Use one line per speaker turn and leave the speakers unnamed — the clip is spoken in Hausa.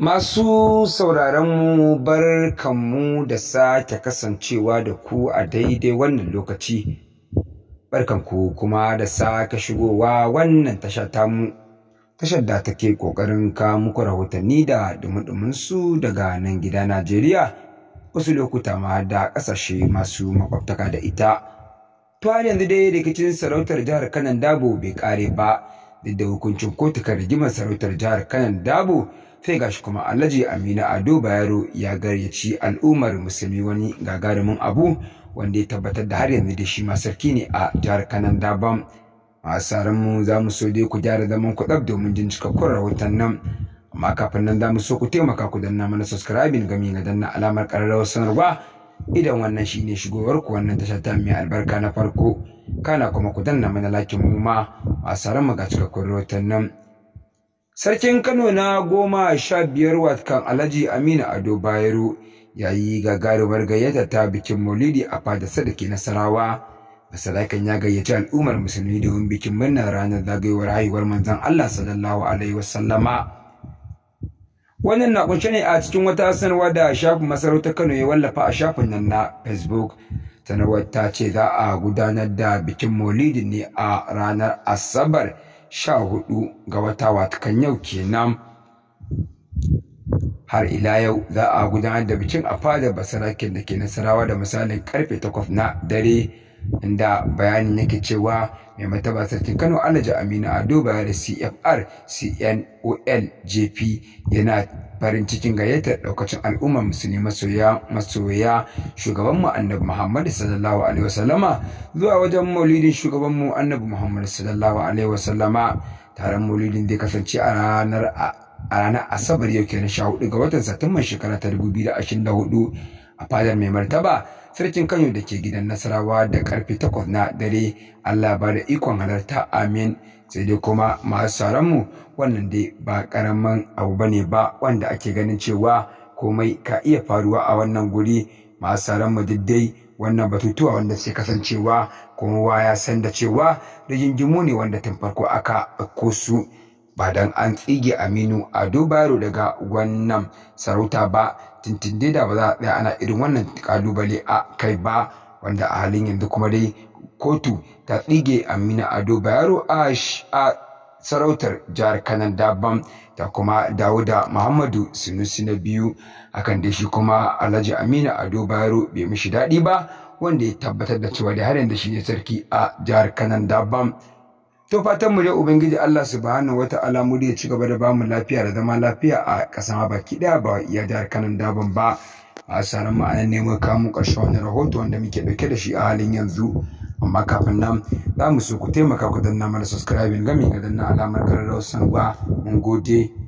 Masu sauraronmu bar kanmu da sake kasancewa da ku a daidai wannan lokaci, barkanku kuma da sake shigowa wannan tasha tamu, tashar da take ƙoƙarin ka muku rahotanni da dumudumunsu daga nan gida Najeriya, wasu lokuta ma da ƙasashe masu makwabtaka da ita. To har yanzu dai rikicin sarautar jihar Kanan Dabo bai ƙare ba. duk da hukuncin kotu kan rigimar sarautar jihar kanan dabo sai gashi kuma alhaji aminu ado bayero ya gayyaci al'ummar musulmi wani gagarumin abu wanda ya tabbatar da har yanzu da shi ma sarki ne a jihar kanan dabam masu mu za mu so dai ku gyara zaman ku ɗab domin jin cikakkun rahoton nan amma kafin nan za mu so ku taimaka ku danna mana subscribing gami ga danna alamar ƙararrawar sanarwa idan wannan shine shigowar ku wannan tashar ta mai albarka na farko kana kuma ku danna mana lakin mu ma a saran mu ga cikakkun rahoton nan sarkin kano na goma sha biyar watkan alhaji aminu ado bayero ya yi gagarumar gayyata ta bikin maulidi a fadarsa da ke nasarawa masalakan ya gayyaci al'ummar musulmi domin bikin murnar ranar zagayowar haihuwar manzon allah sallallahu alaihi wasallama wannan na kunshe ne a cikin wata sanarwa da shafin masarautar kano ya wallafa a shafin nan na facebook sanarwar ta ce za a gudanar da bikin maulidi ne a ranar asabar sha hudu ga wata watakan yau kenan har ila yau za a gudanar da bikin a fadar basarakin da ke nasarawa da misalin karfe takwas na dare inda bayanin yake cewa mai mataba sarkin kano alhaji aminu ado baya da cfr cnol jp yana farin cikin gayyatar daukacin al'ummar musulmi masoya masoya shugabanmu annabi muhammad sallallahu alaihi wasallama zuwa wajen maulidin shugabanmu annabi muhammad sallallahu alaihi wasallama taron maulidin da kasance a ranar a ranar asabar yau kenan sha hudu ga watan satumban shekara ta dubu biyu da ashirin da hudu a fadar mai martaba sarkin kano da ke gidan nasarawa da karfe takwas na dare allah ba da ikon halarta amin sai dai kuma masu mu wannan dai ba karamin abu ba ne ba wanda ake ganin cewa komai ka iya faruwa a wannan guri masu mu duk wannan batutuwa wanda sai kasancewa kuma ya san da cewa rigingimu ne wanda tun farko aka ɗauko su ba dan an tsige aminu a daga wannan sarauta ba tintinde da ba za a ana irin wannan kalubale a kai ba wanda a halin yanzu kuma dai kotu ta tsige aminu a a sarautar jihar kanan daban ta kuma dawuda da muhammadu sinusi na biyu akan da shi kuma alhaji aminu ado bayero bai mishi daɗi ba wanda ya tabbatar da cewa da har yanzu shi ne sarki a jihar kanan daban to fatan mu dai ubangiji Allah subhanahu wata'ala mu ya ci gaba da bamu lafiya da zama lafiya a ƙasa ma baki daya ba iya jihar kanan daban ba a sanar ma an nemo kamun karshe wani rahoto wanda muke ɗauke da shi a halin yanzu amma kafin nan za mu so ku taimaka ku danna mana subscribing gami ga danna alamar karar sangwa? mun gode